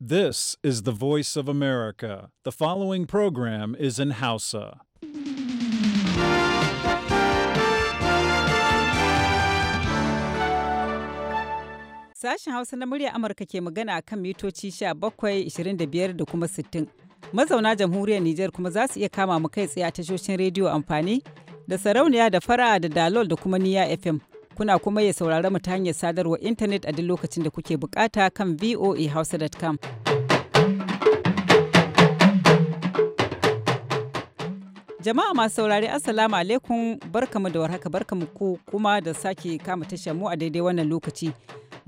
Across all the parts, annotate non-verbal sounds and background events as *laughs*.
This is the voice of America. The following program is in Hausa. Sashen Hausa na murya Amurka ke magana a kan mitoci bakwai 25 da kuma 60. Mazauna jamhuriyar Nijar kuma za su iya kama mu kai tsaye a tashoshin rediyo amfani da sarauniya da fara da dalol da kuma niya FM. Kuna kuma ya saurara mu ta hanyar sadarwar intanet a duk lokacin da kuke bukata kan voahausa.com. Jama'a masu saurari Assalamu alaikum barkamu da warhaka barkamu ku kuma da sake kama tashar mu a daidai wannan lokaci.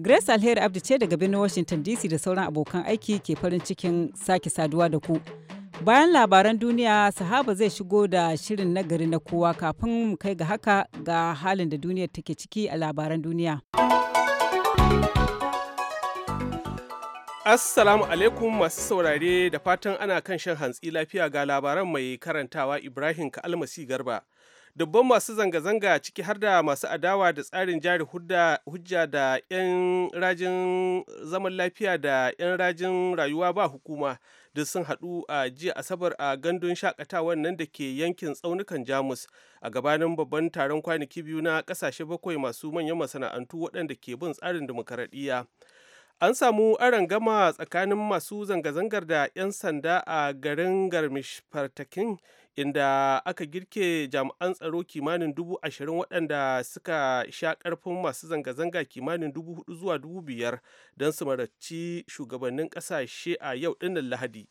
Grace Alheri Abdi ce daga birnin Washington DC da sauran abokan aiki ke farin cikin sake saduwa da ku. Bayan labaran duniya, sahaba zai shigo da shirin nagari na kowa kafin mu kai ga haka ga halin da duniyar take ciki a labaran duniya. Assalamu alaikum masu saurare da fatan ana kan shan hantsi lafiya ga labaran mai karantawa Ibrahim Ka'almasi Garba. Dubban masu zanga-zanga ciki har da masu adawa da tsarin jari hujja da 'yan rajin zaman lafiya da 'yan rajin rayuwa ba hukuma. duk sun haɗu a jiya asabar a gandun shakatawan nan da ke yankin tsaunukan jamus a gabanin babban taron kwanaki biyu na ƙasashe bakwai masu manyan masana'antu waɗanda ke bin tsarin dimokuraɗiyya an samu aron gama tsakanin masu zanga-zangar da 'yan sanda a garin garmish fartakin inda aka girke jami'an tsaro kimanin dubu ashirin waɗanda suka sha ƙarfin masu zanga-zanga kimanin dubu hudu zuwa dubu biyar don su mararci shugabannin ƙasashe a yau ɗinnin lahadi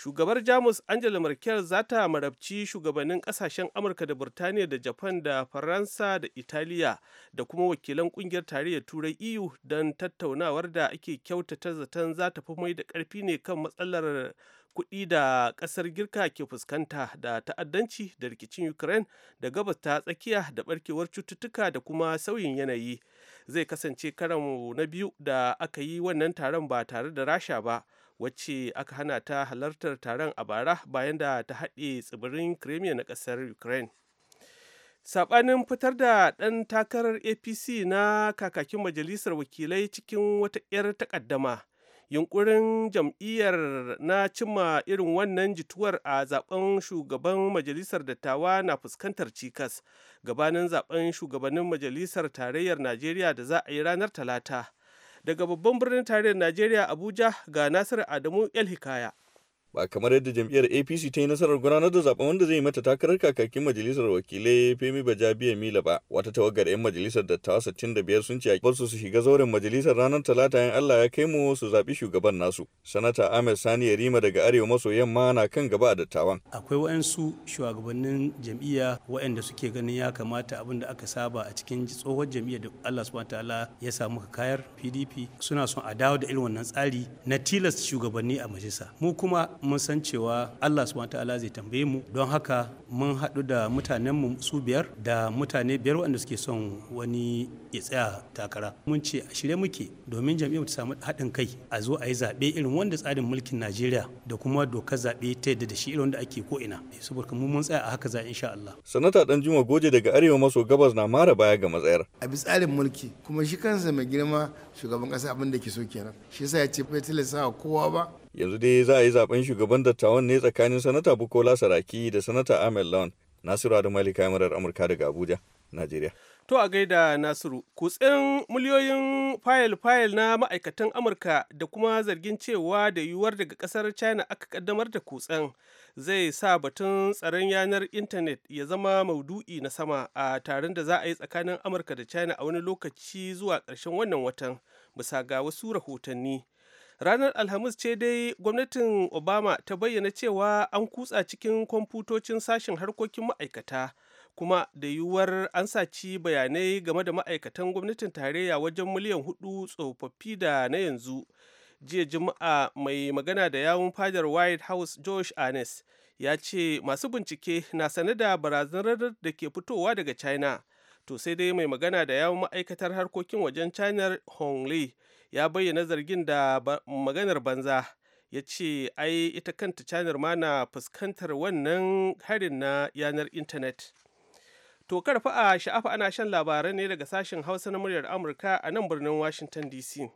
shugabar jamus angela merkel za ta marabci shugabannin kasashen amurka da burtaniya da japan da faransa da italiya da kuma wakilan kungiyar tarayyar turai eu don tattaunawar da ake kyautata zaton za ta fi mai da karfi ne kan matsalar kuɗi da ƙasar girka ke fuskanta da ta'addanci da rikicin ukraine da gabas ta tsakiya da barkewar cututtuka da kuma sauyin yanayi zai kasance karan na biyu da aka yi wannan taron ba tare da rasha ba wacce aka hana ta halartar taron a bara bayan da ta haɗe tsibirin crimea na ƙasar ukraine saɓanin fitar da ɗan takarar apc na kakakin majalisar wakilai cikin wata 'yar takaddama yunkurin jam'iyyar na cimma irin wannan jituwar a zaben shugaban majalisar dattawa na fuskantar cikas gabanin zaben shugabannin majalisar tarayyar najeriya da za a yi ranar talata Daga babban birnin tarayyar Najeriya Abuja ga Nasiru Adamu El Hikaya. ba kamar yadda jam'iyyar apc ta yi nasarar gudanar da zaben wanda zai mata takarar kakakin majalisar wakilai femi bajabiya mila ba wata tawagar 'yan majalisar dattawa sittin da biyar sun ce a su su shiga zauren majalisar ranar talata yan allah ya kai mu su zaɓi shugaban nasu sanata ahmed sani yarima daga arewa maso yamma na kan gaba a dattawan akwai wa'ansu shugabannin jam'iyya wa'anda suke ganin ya kamata abin da aka saba a cikin tsohon jam'iyyar da allah subhanahu ta'ala ya samu kayar pdp suna son a dawo da irin wannan tsari na tilas shugabanni a majalisa mu kuma mun san cewa Allah subhanahu ta'ala zai tambaye mu don haka mun haɗu da mutanenmu su biyar da mutane biyar waɗanda suke son wani ya tsaya takara mun ce a shirye muke domin jam'iyyar ta samu haɗin kai a zo a yi zaɓe irin wanda tsarin mulkin Najeriya da kuma dokar zaɓe ta yadda da shi irin wanda ake ko ina eh, saboda mu mun tsaya a haka za insha Allah sanata dan Juma Goje daga arewa maso gabas na mara baya ga matsayar a bi tsarin mulki kuma shi kansa mai girma shugaban kasa abin da ke so kenan shi yasa ya ce bai tilasta kowa ba yanzu dai za a yi zaben shugaban dattawan ne tsakanin sanata bukola saraki da sanata ahmed lawan nasiru adamali kamarar amurka daga abuja najeriya to a gaida nasiru kutsen miliyoyin fayil-fayil na ma'aikatan amurka da kuma zargin cewa da yiwuwar daga kasar china aka kaddamar da kutsen zai sa batun tsaron yanar intanet ya zama maudu'i na sama a taron da za a yi tsakanin amurka da china a wani lokaci zuwa ƙarshen wannan watan bisa ga wasu rahotanni ranar alhamis ce dai gwamnatin obama ta bayyana cewa an kutsa cikin kwamfutocin sashen harkokin ma'aikata kuma da yiwuwar an saci bayanai game da ma'aikatan gwamnatin tarayya wajen miliyan hudu tsofaffi da na yanzu jiya juma'a mai magana da yawun fadar white house josh arnes ya ce masu bincike na sane da barazanar da ke fitowa daga china to sai dai mai magana da yawon ma'aikatar harkokin wajen china hong Lee ya bayyana zargin da maganar banza ya ce ai ita kanta canar ma na fuskantar wannan harin na yanar intanet to karfa a sha'afa ana shan labaran ne daga sashen hausa na muryar amurka a nan birnin washington dc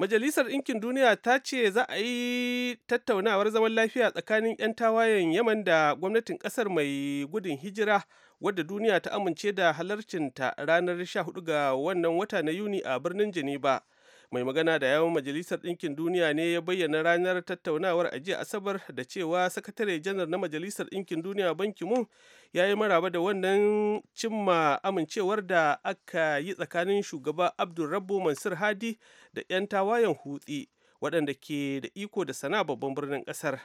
Majalisar Ɗinkin Duniya ta ce za a yi tattaunawar zaman lafiya tsakanin 'yan tawayen Yaman da gwamnatin ƙasar mai gudun hijira wadda duniya ta amince da halarcinta ranar 14 ga wannan wata na Yuni a birnin Geneva. mai magana da yawon majalisar ɗinkin duniya ne ya bayyana ranar tattaunawar a jiya asabar da cewa sakatare janar na majalisar ɗinkin duniya banki mu ya yi maraba da wannan cimma amincewar da aka yi tsakanin shugaba abdulrabbu mansur hadi da 'yan tawayen hutsi waɗanda ke da iko da sana babban birnin ƙasar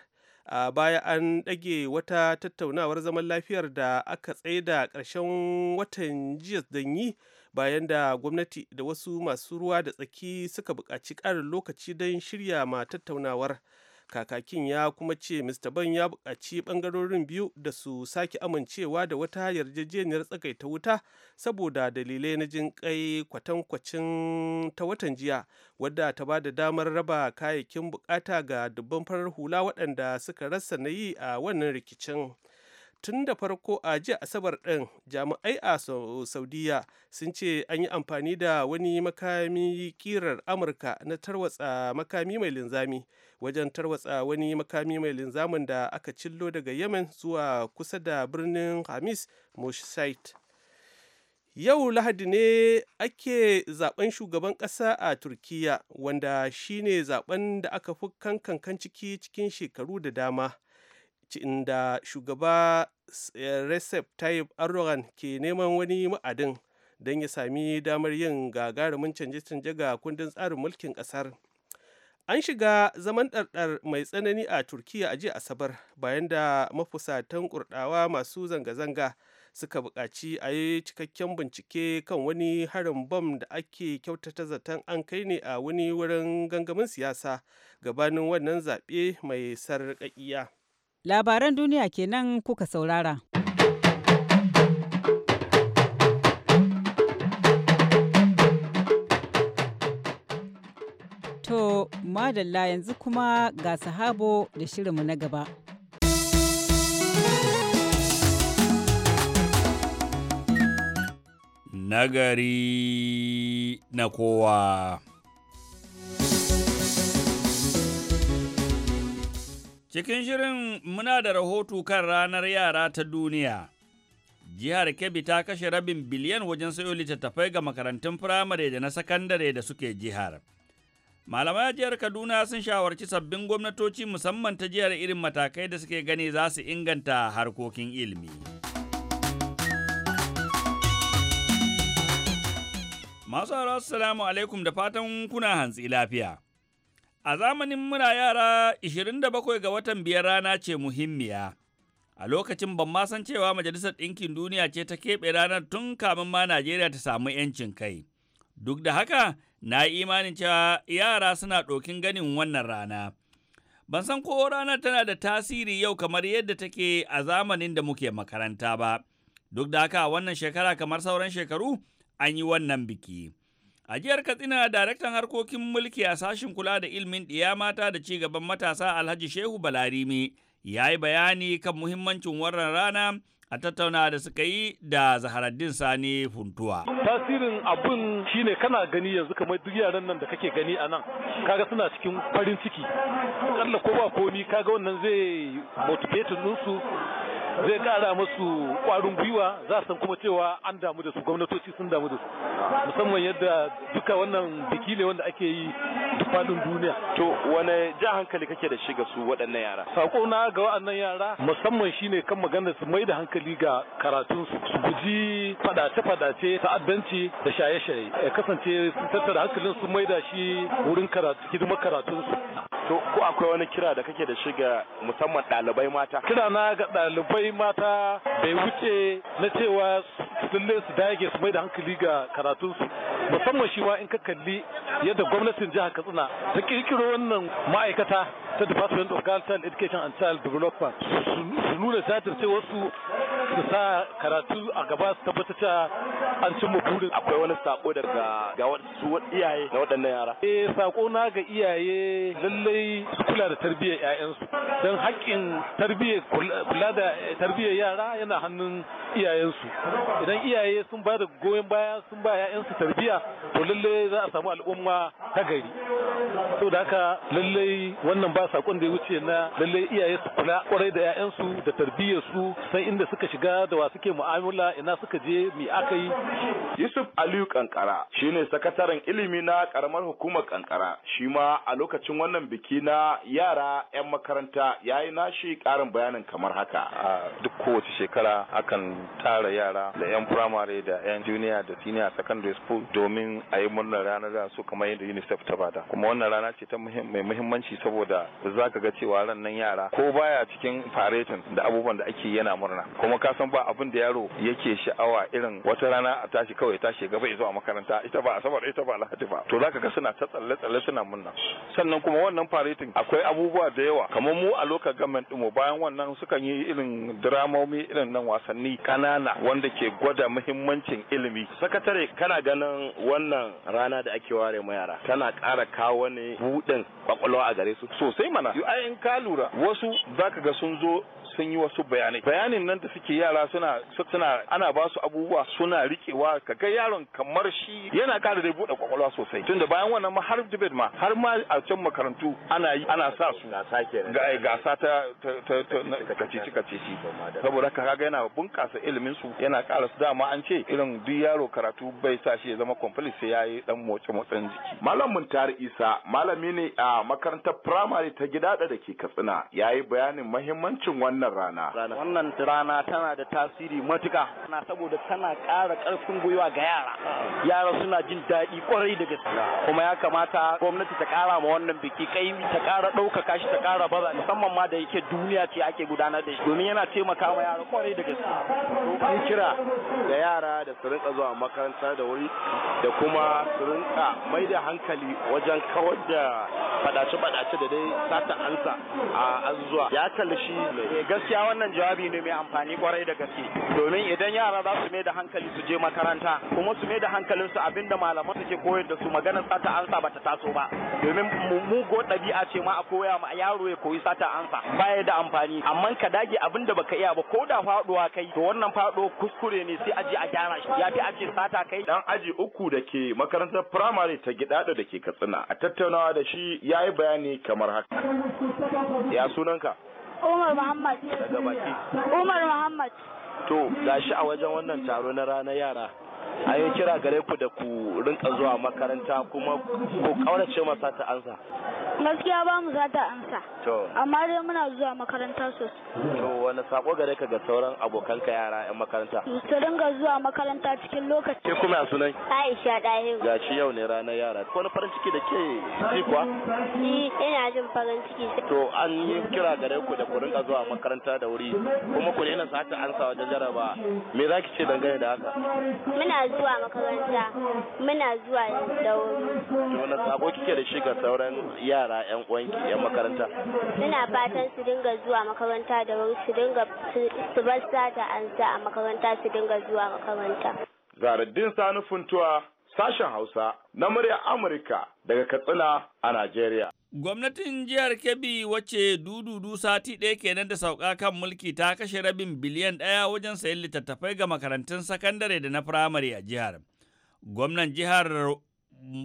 a baya an ɗage wata tattaunawar zaman lafiyar da aka tsaida ƙarshen watan jiya danyi bayan da gwamnati da wasu masu ruwa da tsaki suka buƙaci ƙarin lokaci don shirya ma tattaunawar kakakin ya kuma ce mr ban ya buƙaci ɓangarorin biyu da su sake amincewa da wata yarjejeniyar tsakaita wuta saboda dalilai na jin kai kwatankwacin ta watan jiya wadda ta ba da damar raba kayayyakin bukata ga dubban farar hula waɗanda suka rasa na yi a wannan rikicin tun da farko a jiya asabar ɗin jami'ai a saudiya sun ce an yi amfani da wani makami kirar amurka na tarwatsa makami mai linzami wajen tarwatsa wani makami mai linzamin da aka cillo daga yemen zuwa kusa da birnin hamis moshsite yau lahadi ne ake zaben shugaban ƙasa a turkiya wanda shine zaben da aka fi kankan ciki cikin shekaru da dama inda shugaba eh, recep tayyip erdogan ke neman wani ma'adin don ya sami damar yin gagarumin canje-canje ga kundin tsarin mulkin kasar an shiga zaman ɗarɗar mai tsanani a turkiyya a jiya asabar bayan da mafusatan kurɗawa masu zanga-zanga suka buƙaci a yi cikakken bincike kan wani harin bom da ake kyautata zaton an kai ne a wani wurin gangamin siyasa gabanin wannan zaɓe mai sarƙaƙiya. Labaran duniya kenan kuka saurara. To, madalla yanzu kuma ga sahabo da shirinmu na gaba. Nagari na kowa. Cikin shirin muna da rahoto kan ranar yara ta duniya. Jihar Kebbi ta kashe rabin biliyan wajen sayo littattafai ga makarantun firamare da na sakandare da suke jihar. Malamai jihar Kaduna sun shawarci sabbin gwamnatoci musamman ta jihar irin matakai da suke gani za su inganta harkokin ilimi. Masu salamu alaikum da fatan kuna hantsi lafiya. A zamanin muna yara 27 ga watan biyar rana ce muhimmiya. A lokacin ban ma san cewa Majalisar Ɗinkin Duniya ce ta keɓe ranar tun kamin ma Najeriya ta samu 'yancin kai. Duk da haka, na yi imanin cewa yara suna ɗokin ganin wannan rana. Ban san ko ranar tana da tasiri yau kamar yadda take a zamanin da muke makaranta ba. Duk da haka wannan shekara kamar sauran shekaru an yi wannan biki. A jihar Katsina, daraktan harkokin mulki a sashin kula da ilimin ɗiya mata da cigaban matasa Alhaji Shehu Balarimi ya yi bayani kan muhimmancin wannan rana a tattauna da suka yi da zaharaddin sani funtuwa. Tasirin abun shine kana gani yanzu kamar duk yaran nan da kake gani a nan kaga suna cikin farin ciki. Kalla ko ba komi kaga wannan zai motivate ɗinsu zai kara musu kwarin gwiwa za san kuma cewa an damu da su gwamnatoci sun damu da su musamman yadda duka wannan biki ne wanda ake yi duk faɗin duniya to wane ja hankali kake da shi ga su waɗannan yara sako na ga waɗannan yara musamman shine kan maganar su mai da hankali ga karatun su su guji fadace-fadace ta'addanci da shaye-shaye ya kasance sun tattara hankalin su mai da shi wurin karatu hidimar karatun su to ko akwai wani kira da kake da shi ga musamman ɗalibai mata kira na ga ɗalibai matsayin mata bai wuce na cewa lallai su dage su mai da hankali ga karatunsu musamman shi ma in ka kalli yadda gwamnatin jihar katsina ta kirkiro wannan ma'aikata ta department of girl child education and child development su nuna wasu su sa karatu a gaba su tabbatar ta an cimma burin akwai wani sako daga ga wasu iyaye na waɗannan yara eh sako na ga iyaye lallai su kula da tarbiyyar ƴaƴansu don haƙƙin tarbiyyar kula da tarbiyyar yara yana hannun iyayensu idan iyaye sun ba da goyon baya sun ba ƴaƴansu tarbiyya to lallai za a samu al'umma ta gari da haka lallai wannan ba sakon da ya wuce na lallai iyaye su kula kwarai da ƴaƴansu da tarbiyyar su san inda suka shiga da wa suke mu'amala ina suka je mi aka yi Yusuf Aliyu Kankara shine sakataren ilimi na karamar hukumar Kankara shi ma a lokacin wannan biki na yara 'yan makaranta ya yi nashi karin bayanin kamar haka a duk kowace shekara akan tara yara da 'yan firamare da 'yan junior da senior secondary school domin a yi murnar ranar da su kamar yadda UNICEF ta bada kuma wannan rana ce ta mai muhimmanci saboda za ka ga cewa ran nan yara ko baya cikin faretin da abubuwan da ake yana murna kuma ka san ba abin da yaro yake sha'awa irin wata rana a tashi kawai tashi gaba ya a makaranta ita ba asabar ita ba lahadi ba to zaka ga suna ta tsalle tsalle suna munna sannan kuma wannan faretin akwai abubuwa da yawa kamar mu a lokacin gamen mu bayan wannan sukan yi irin dramomi irin nan wasanni kanana wanda ke gwada muhimmancin ilimi sakatare kana ganin wannan rana da ake ware ma yara tana ƙara kawo ne buɗin kwakwalwa a gare su sosai mana in ka lura wasu zaka ga sun zo sun yi wasu bayanai bayanin nan da suke yara suna suna ana ba su abubuwa suna rikewa ga yaron kamar shi yana ƙara da buɗe kwakwalwa sosai tunda bayan wannan ma har dubet ma har ma a can makarantu ana yi ana sa su ga gasa ta kacici ci saboda ka ga yana bunƙasa ilimin su yana ƙara su dama an ce irin duk yaro karatu bai sa shi ya zama complete sai yayi dan motsa motsin jiki malam muntar isa malami ne a makarantar primary ta gida da ke katsina yayi bayanin mahimmancin wannan rana wannan rana tana tana da tasiri matuka na saboda tana ƙara ƙarfin gwiwa ga yara yara suna jin daɗi kwarai da gaske kuma ya kamata gwamnati ta ƙara ma wannan biki kai ta ƙara ɗaukaka shi ta ƙara baza musamman ma da yake duniya ce ake gudanar da shi domin yana taimaka ma yara kwarai da gaske an kira da yara da su rinka zuwa makaranta da wuri da kuma su rinka mai da hankali wajen kawar da faɗace-faɗace da dai sata ansa a azuwa ya kalli shi eh, gaskiya wannan jawabi ne mai amfani kwarai kwarai da gaske domin idan yara za su mai da hankali su je makaranta kuma su mai da hankalin su abinda malaman suke koyar da su magana sata ansa bata taso ba domin mu mugo dabi'a ce ma a koya ma yaro ya koyi sata ansa baya da amfani amma ka dage abinda baka iya ba ko da faɗuwa kai to wannan faɗo kuskure ne sai a je a gyara shi ya fi a ce sata kai dan aji uku da ke makarantar firamare ta gida da ke katsina a tattaunawa da shi yayi bayani kamar haka ya sunanka Umar Muhammad. Daga baki. Umar Muhammad. To gashi a wajen wannan taro na ranar yara a yi kira gare ku da ku rinka zuwa makaranta kuma ku kaurace masa ta ansa gaskiya ba mu ta ansa amma dai muna zuwa makaranta sosai to wani sako gare ka ga sauran abokanka yara yan makaranta su dinga zuwa makaranta cikin lokaci ke kuma sunan Aisha ga gashi yau ne ranar yara ko wani farin ciki da ke ji kuwa ni ina jin farin ciki to an yi kira gare ku da ku rinka zuwa makaranta da wuri kuma ku ne na sata ansa wajen jaraba me zaki ce dangane da haka muna zuwa makaranta muna zuwa da wuri. Wani sabo kike da shiga sauran yara 'yan uwanki 'yan makaranta? Muna fatan su dinga zuwa makaranta da wuri su dinga su bar sata an sa a makaranta su dinga zuwa makaranta. Zaradin Sani Funtuwa sashen Hausa na murya Amurka daga Katsina a Najeriya. Gwamnatin jihar Kebbi wacce dududu sati ɗaya kenan da sauka kan mulki ta kashe rabin biliyan ɗaya wajen sayan littattafai ga makarantun sakandare da na firamare a jihar. Gwamnan jihar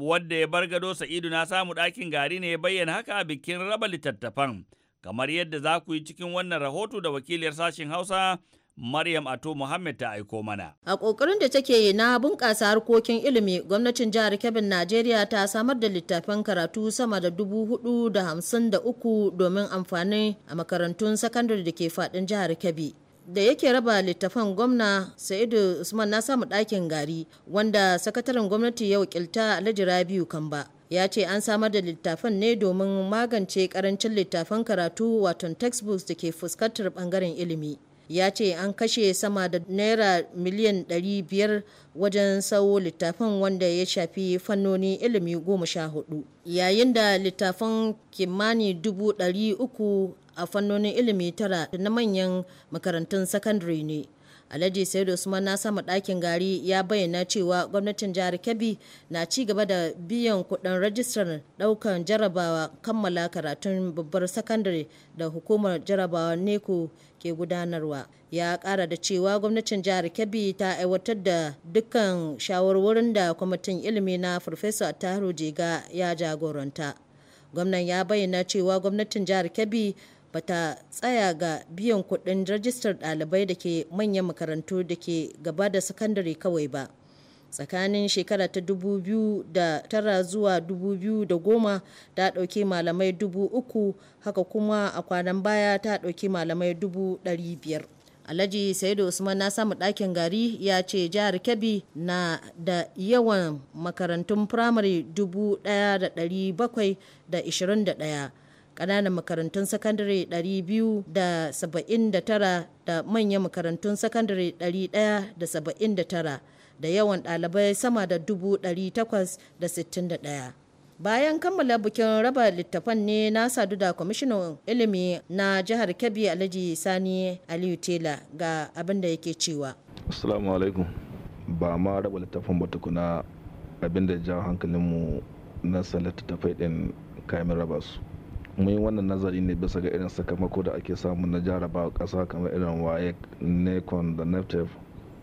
wadda ya bar gado Sa'idu na samu ɗakin gari ne ya bayyana haka a bikin raba littattafan. Kamar yadda za ku yi cikin wannan rahoto da wakiliyar sashen Hausa Maryam Ato Muhammad ta aiko mana. A ƙoƙarin da take yi na bunƙasa harkokin ilimi, gwamnatin jihar Kebbi Najeriya ta samar da littafin karatu sama da dubu hudu da hamsin da uku domin amfani a makarantun sakandare da ke faɗin jihar Kebbi. da yake raba littafan gwamna sa'idu usman na samu ɗakin gari wanda sakataren gwamnati ya wakilta alhaji rabiu kamba ya ce an samar da littafan ne domin magance karancin littafan karatu waton textbooks da ke fuskantar bangaren ilimi ya ce an kashe sama da naira miliyan 500 wajen sawo littafin wanda ya shafi fannoni ilimi goma sha hudu yayin da littafin kimani dubu ɗari uku a fannonin ilimi tara na manyan makarantun sakandare ne alhaji said usman na sama ɗakin gari ya bayyana cewa gwamnatin jihar kebbi na ci gaba da biyan kuɗin rajistar ɗaukan jarabawa kammala karatun babbar sakandare da hukumar jarabawa neko ke gudanarwa ya kara da cewa gwamnatin jihar kebbi ta aiwatar da dukkan shawarwarin da kwamitin ilimi na farfesa tahiru jega ya jagoranta gwamnan ya bayyana cewa gwamnatin jihar kebbi bata tsaya ga biyan kuɗin rajistar ɗalibai da ke manyan makarantu da ke gaba da sakandare kawai ba tsakanin shekara ta 2009 zuwa 2010 ta ɗauki malamai 3,000 haka kuma a kwanan baya ta ɗauki malamai 500 alhaji saidu usman na samu ɗakin gari ya ce jihar kebbi na da yawan makarantun firamare 1,721 ƙananan makarantun sakandare 279 da manyan makarantun sakandare 179 da yawan ɗalibai sama da 861. bayan kammala bikin raba littafan ne na sadu da kwamishinan ilimi na jihar kebbi alhaji sani aliyu tela ga abin da yake cewa assalamu alaikum ba ma raba littafan ba tukuna abin da ja hankalinmu na san littattafai ɗin kayan raba su mun yi wannan nazari ne bisa ga irin sakamako da ake samu na jaraba ƙasa kamar irin waye nekon da naftef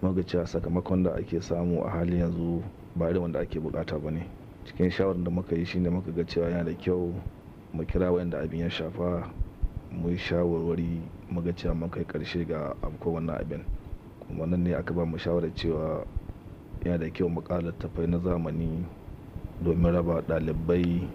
muka cewa sakamakon da ake samu a halin yanzu ba irin wanda ake bukata ba ne cikin shawarar da muka yi shi ne muka ga cewa yana da kyau mu kira wanda abin ya shafa mu yi shawarwari muka cewa mun kai karshe ga afko wannan abin kuma nan ne aka ba mu shawarar cewa yana da kyau mu tafai na zamani domin raba dalibai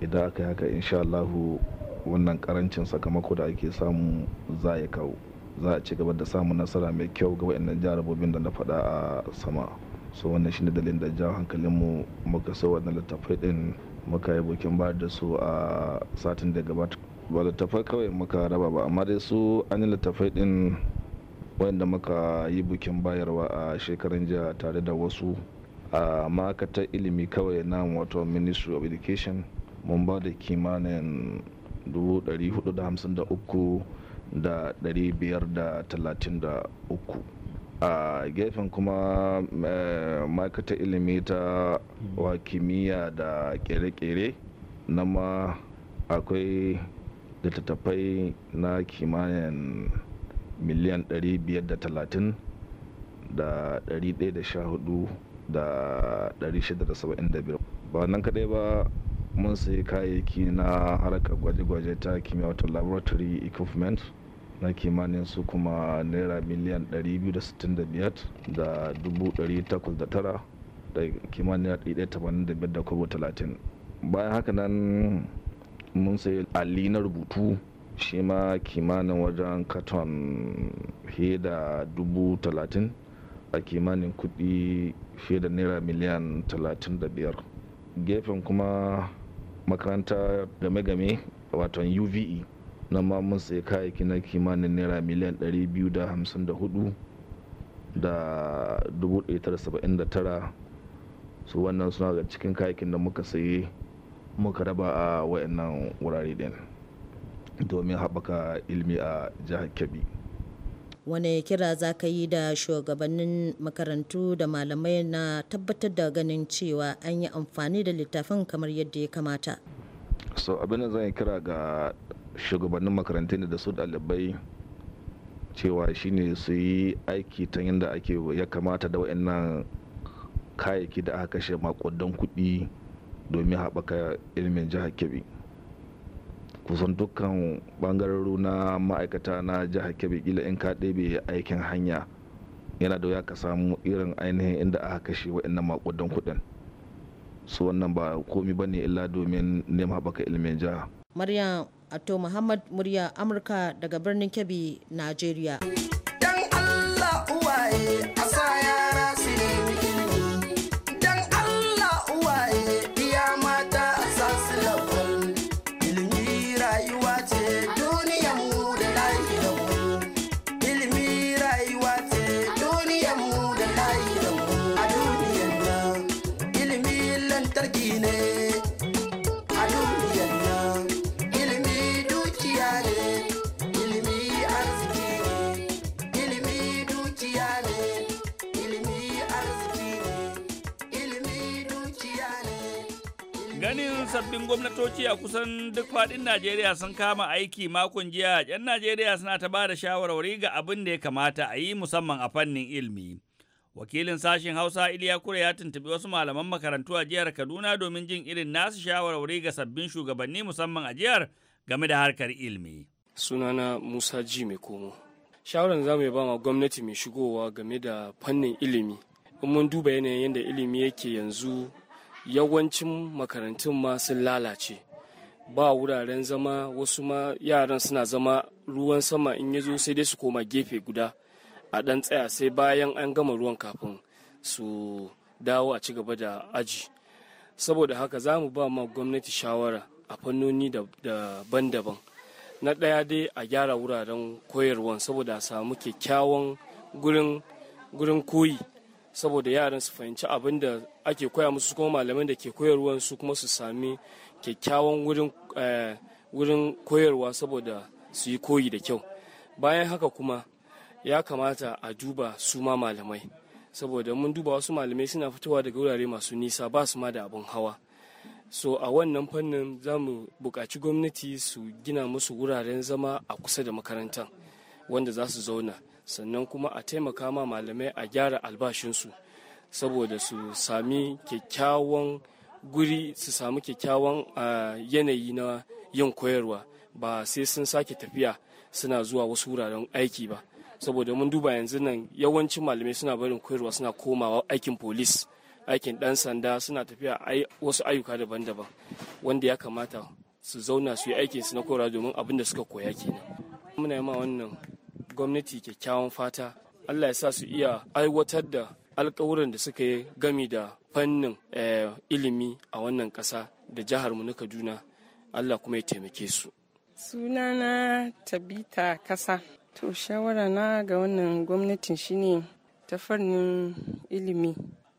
idan aka yi haka insha Allahu wannan karancin sakamako da ake samu za ya kawo za a ci gaba da samun nasara mai kyau ga waɗannan jarabobin da na faɗa a sama so wannan shine dalilin da jawo hankalinmu muka so wannan littattafai din muka yi bukin bayar da su a satin da gabata ba littattafai kawai muka raba ba amma dai su an yi littattafai din wanda muka yi bukin bayarwa a shekarun jiya tare da wasu a ma'aikatar ilimi kawai na wato ministry of education mun ba da kimanin 453 da 533 a gefen kuma eh, ma'aikatar ilimi ta wa kimiyya da kere-kere na ma akwai littattafai na kimanin miliyan 530 da 114 da 675 ba nan kadai ba mun sayi kayayyaki na harkar gwaje-gwaje ta kimiyya wato laboratory equipment na kimanin su kuma naira miliyan 265 da 809 da kimanin 185 da kobo 30 bayan haka nan mun sayi ali na rubutu shi ma kimanin wajen katon fiye da 30 a kimanin kudi fiye da naira miliyan 35 gefen kuma makaranta game-game waton uve na ma mun kayayyaki na kimanin naira miliyan 254 da 1979 su wannan suna ga cikin kayakin da muka sayi muka raba a wayannan wurare din domin haɓaka ilmi a jihar kebbi wane kira za ka yi da shugabannin makarantu da malamai na tabbatar da ganin cewa an yi amfani da littafin kamar yadda ya kamata so abin da zan kira ga shugabannin makarantu da su ɗalibai cewa shine su yi aiki ta yadda ake ya kamata da waɗannan kayayyaki da aka kashe makudan kuɗi domin haɓaka ilimin jihar kebbi kusan dukkan ɓangararru na ma'aikata na jihar kebbi kila in ka ɗebe aikin hanya yana da ya ka samu irin ainihin inda aka kashe waɗannan makudan kuɗin su wannan ba komi ba ne illa domin neman haɓaka ilimin jihar. maryam Ato Muhammad murya Amurka daga birnin Kebbi, Najeriya. Ganin sabbin gwamnatoci a kusan duk faɗin Najeriya sun kama aiki makon jiya, 'yan Najeriya suna ta ba da shawarwari ga abin da ya kamata a yi musamman a fannin ilimi. Wakilin sashen Hausa Iliya Kure ya tuntubi wasu malaman makarantu a jihar Kaduna domin jin irin nasu shawarwari ga sabbin shugabanni musamman a jihar game da harkar ilimi. Sunana Musa Ji mai komo. Shawaran za mu ba ma gwamnati mai shigowa game da fannin ilimi. In mun duba yanayin yadda ilimi yake yanzu yawancin makarantun ma sun lalace ba wuraren zama wasu ma yaran suna zama ruwan sama in ya zo sai dai su koma gefe guda a ɗan tsaya sai bayan an gama ruwan kafin su dawo a ci gaba da aji saboda haka za mu ba ma gwamnati shawara a fannoni daban-daban na ɗaya dai a gyara wuraren koyarwan saboda a samu kyakkyawan gurin koyi saboda yaran su fahimci abin da ake koya musu kuma malamai da ke koyarwa su kuma su sami kyakkyawan wurin eh, wurin koyarwa saboda su yi koyi da kyau bayan haka kuma ya kamata a duba su ma malamai saboda mun duba wasu malamai suna fitowa daga wurare masu nisa ba su ma da abin hawa so a wannan fannin za mu buƙaci gwamnati su gina musu wuraren zama a kusa da makarantar wanda za su zauna sannan kuma a taimaka ma malamai a gyara albashinsu saboda su sami kyakkyawan guri su sami kyakkyawan yanayi na yin koyarwa ba sai sun sake tafiya suna zuwa wasu wuraren aiki ba saboda mun duba yanzu nan yawancin malamai suna barin koyarwa suna komawa aikin polis aikin ɗan sanda suna tafiya wasu ayyuka daban-daban wanda ya kamata su zauna su yi aikinsu na koyarwa domin abin da suka koya kenan muna yi ma wannan gwamnati kyakkyawan fata allah ya sa su iya aiwatar da alkawuran da suka yi gami da fannin eh, ilimi a wannan ƙasa da jihar mu na kaduna allah kuma ya taimake su sunana tabita kasa to shawara na ga wannan gwamnatin shine ta fannin ilimi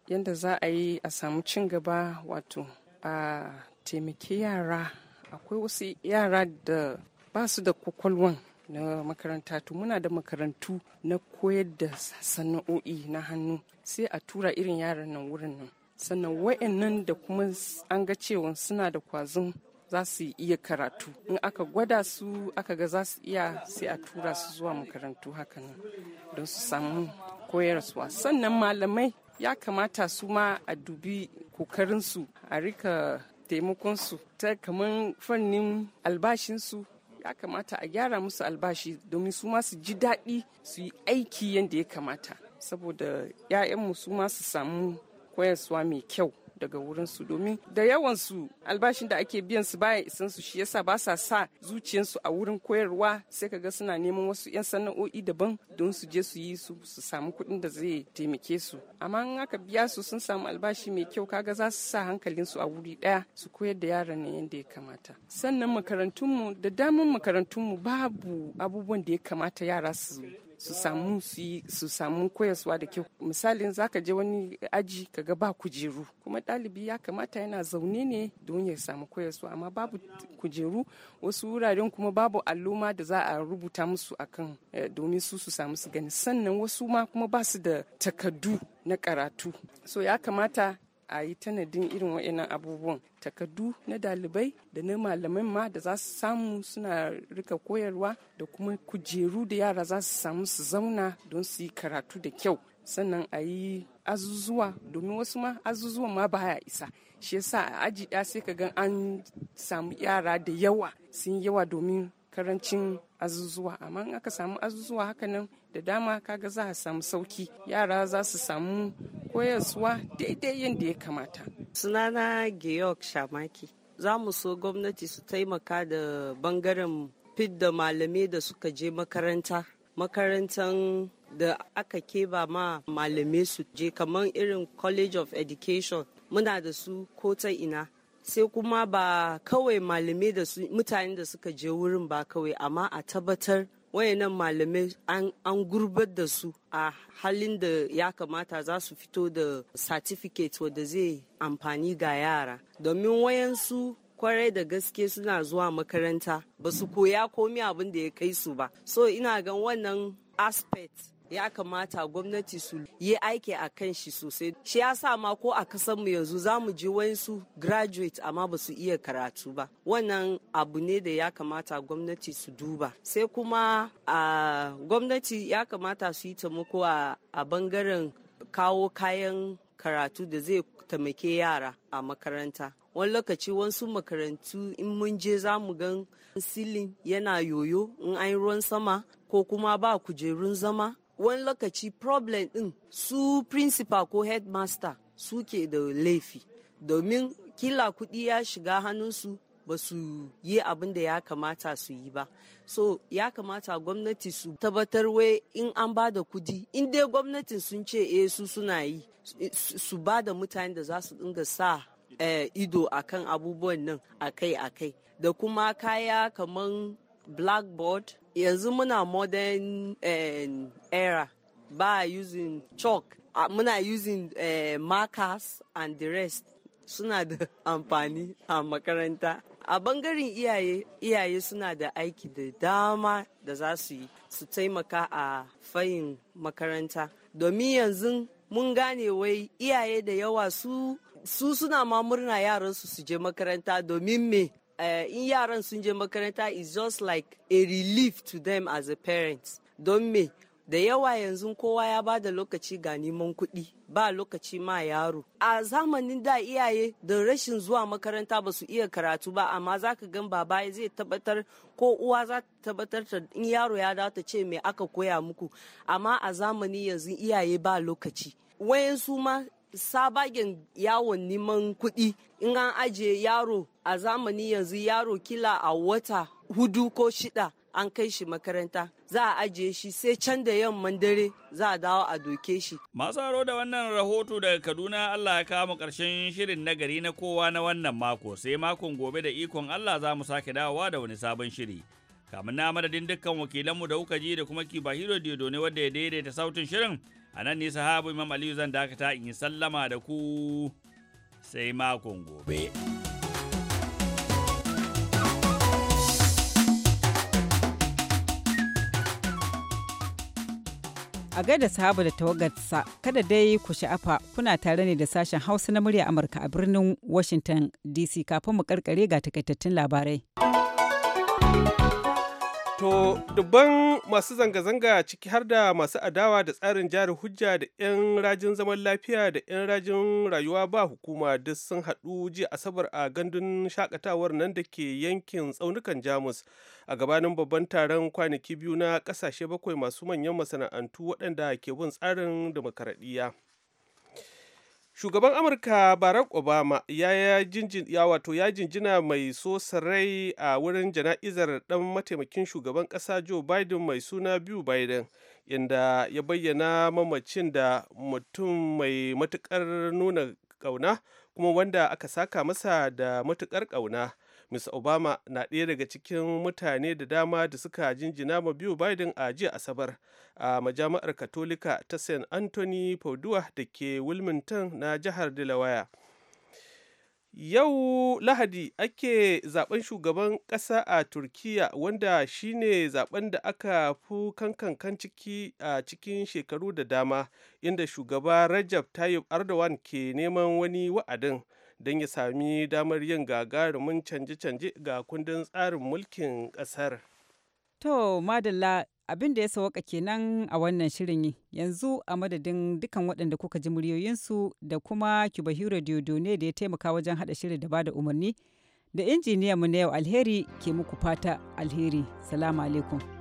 yadda za a yi a samu cin gaba wato a taimaki yara akwai wasu yara da ba su da kwakwalwan na makaranta to muna da makarantu na koyar da sana'o'i na hannu sai a tura irin yaran nan wurin nan sannan wa'annan da kuma an ga cewa suna da kwazon za su iya karatu in aka gwada su aka ga za su iya sai a tura su zuwa makarantu nan don su samu koyarwa sannan malamai ya kamata su ma a dubi kokarinsu a rika taimakonsu ta kamar fannin albashinsu ya kamata a gyara musu albashi domin su ma su ji daɗi su yi aiki yadda ya kamata saboda 'ya'yanmu su ma su samu koyarwa mai kyau daga wurin su domin da yawan su albashin da ake biyan su baya isan su shi yasa ba sa sa zuciyarsu a wurin koyarwa sai ka ga suna neman wasu yan sana'o'i daban don su je su yi su su samu kuɗin da zai taimake su amma in aka biya su sun samu albashi mai kyau kaga za su sa hankalin su a wuri ɗaya su koyar da yaran ne yadda ya kamata sannan makarantunmu da damun makarantunmu babu abubuwan da ya kamata yara su su samu su samu koyaswa da kyau misalin zaka je wani aji ka ga ba kujeru kuma ɗalibi ya kamata yana zaune ne don ya samu koyaswa amma babu kujeru wasu wuraren kuma babu alloma da za a rubuta musu akan eh, domin su su samu su gani sannan wasu ma kuma ba su da takardu na karatu so ya kamata a yi tanadin irin wa'annan abubuwan takardu na dalibai da na malamai ma da za su samu suna rika koyarwa da kuma kujeru da yara za su samu su zauna don su yi karatu da kyau sannan a yi azuzuwa domin wasu ma azuzuwa ma baya isa shi yasa a aji ɗaya sai ka gan an samu yara da yawa sun yawa domin karancin azuzuwa amma in aka samu azuzuwa haka nan da dama kaga za a samu sauki yara za su samu koyarsuwa daidai yadda ya kamata sunana georg shamaki za mu so gwamnati su taimaka da bangaren fidda malamai da suka je makaranta makarantan da aka keba ma malamai su je kamar irin college of education muna da su ko ta ina sai kuma ba kawai malamai da mutane da suka je wurin ba kawai amma a tabbatar wayannan malamai an gurbar da su a halin da ya kamata za su fito da certificate wadda zai amfani ga yara domin wayansu kwarai da gaske suna zuwa makaranta ba su koya komi abin da ya kai su ba so ina gan wannan aspect ya kamata gwamnati su yi aiki a kan shi sosai shi ya sa ma ko a mu yanzu za mu ji wayansu graduate amma ba su iya karatu ba wannan abu ne da ya kamata gwamnati su duba sai kuma a gwamnati ya kamata su yi taimako a bangaren kawo kayan karatu da zai taimake yara a makaranta wani lokaci wasu makarantu in mun je za mu gan silin yana yoyo in an ruwan sama ko kuma ba kujerun zama wani lokaci problem ɗin su principal ko headmaster suke da laifi domin kila kuɗi ya shiga hannunsu ba su yi abin da ya kamata su yi ba so ya kamata gwamnati su tabbatar wai in an ba da kudi in dai gwamnatin sun ce e su suna yi su ba da mutane da za su dinga sa eh, ido a kan abubuwan nan akai-akai da kuma kaya kamar blackboard yanzu muna modern eh, era ba using chalk muna using eh, markers and the rest suna da *laughs* amfani a makaranta a bangaren iyaye iyaye suna da aiki da dama da za su yi su taimaka a fayin makaranta domin yanzu mun gane wai iyaye da yawa su su suna ma murna yaransu su je makaranta domin me uh, in yaran sun je makaranta is just like a relief to them as a parent don me da yawa yanzu kowa ya ba da lokaci ga neman kuɗi ba lokaci ma yaro a zamanin da iyaye da rashin zuwa makaranta ba su iya karatu ba amma za ka gan baba zai tabbatar ko uwa za ta tabbatar in yaro ya dawo ta ce me aka koya muku amma a zamanin yanzu iyaye ba lokaci wayan su ma sabagen yawon neman kuɗi in an ajiye yaro a zamani yanzu yaro kila a wata hudu ko shida an kai shi makaranta za a ajiye shi sai can da yamman dare za a dawo a doke shi. Masu haro da wannan rahoto daga Kaduna Allah ya kama karshen shirin na gari na kowa na wannan mako sai makon gobe da ikon Allah za mu sake dawowa da wani sabon shiri. Kamin na madadin dukkan wakilanmu da kuka ji da kuma Kibahiro Diodo ne wanda ya daidaita sautin shirin. a nan ne sahabu imam aliyu zan dakata in yi sallama da ku sai makon gobe. a gaida Sahabu da tawagarsa kada dai ku sha'afa kuna tare ne da sashen hausa na murya amurka a birnin washington dc kafin mu karkare ga takaitattun labarai. To, dubban masu zanga-zanga ciki har da masu adawa da tsarin jari hujja da 'yan rajin zaman lafiya da 'yan rajin rayuwa ba hukuma duk sun haɗu jiya asabar a gandun shakatawar nan da ke yankin tsaunukan Jamus a gabanin babban taron kwanaki biyu na ƙasashe bakwai masu manyan masana'antu waɗanda ke bin tsarin dimokuraɗiyya. shugaban amurka barack obama ya jinjina wato ya jinjina mai so sarai a wurin jana'izar dan mataimakin shugaban kasa joe biden mai suna biyu biden inda ya bayyana mamacin da mutum mai matukar nuna kauna kuma wanda aka saka masa da matukar kauna Ms. Obama na ɗaya daga cikin mutane da dama da suka jinjina ma biyu Biden a jiya Asabar a majami'ar Katolika ta St. Anthony Padua da ke Wilmington na jihar Delaware. Yau Lahadi ake zaben shugaban ƙasa a Turkiyya wanda shine zaben da aka fi kankan ciki a cikin shekaru da dama inda shugaba Rajab Tayyip Erdogan ke neman wani wa'adin. don ya sami damar yin gagarumin canje-canje ga kundin tsarin mulkin ƙasar. To, Madalla, abin da ya sawaka kenan a wannan shirin yanzu a madadin dukan waɗanda kuka ji muryoyinsu da kuma Kibahiro ne da ya taimaka wajen haɗa shirin da bada umarni da injiniyan mu na yau alheri ke muku fata alheri. Salamu alaikum.